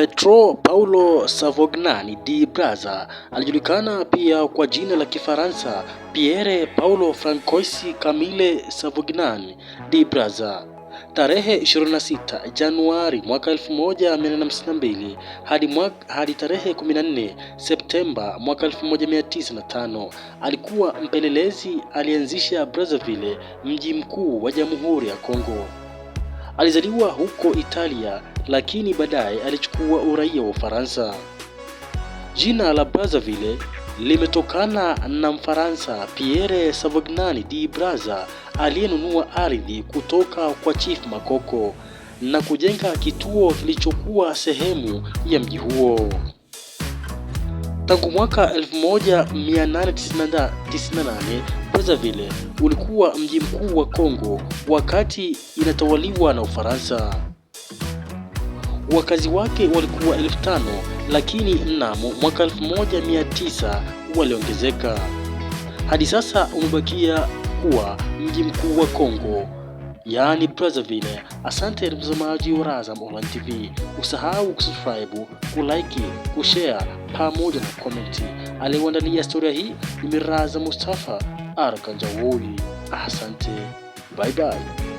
petro paulo Savognani di braza alijulikana pia kwa jina la Kifaransa Pierre paulo Francois Camille Savognani di braza tarehe 26 Januari mwaka 1852 hadi, mwaka, hadi tarehe 14 Septemba mwaka 1905. Alikuwa mpelelezi, alianzisha Brazzaville, mji mkuu wa Jamhuri ya Kongo. Alizaliwa huko Italia lakini baadaye alichukua uraia wa Ufaransa. Jina la Brazzaville limetokana na Mfaransa Pierre Savagnani di Brazza aliyenunua ardhi kutoka kwa Chief Makoko na kujenga kituo kilichokuwa sehemu ya mji huo. Tangu mwaka 1898 Brazzaville ulikuwa mji mkuu wa Kongo wakati inatawaliwa na Ufaransa. Wakazi wake walikuwa elfu tano lakini mnamo mwaka 1900 waliongezeka. Hadi sasa umebakia kuwa mji mkuu wa Kongo, yaani Brazzaville. Asante mtazamaji wa Razam Online TV, usahau kusubscribe, kulike, kushare pamoja na komenti. Aliyoandalia historia hii ni Miraza Mustafa. Arka Jawoyi. Asante, bye bye.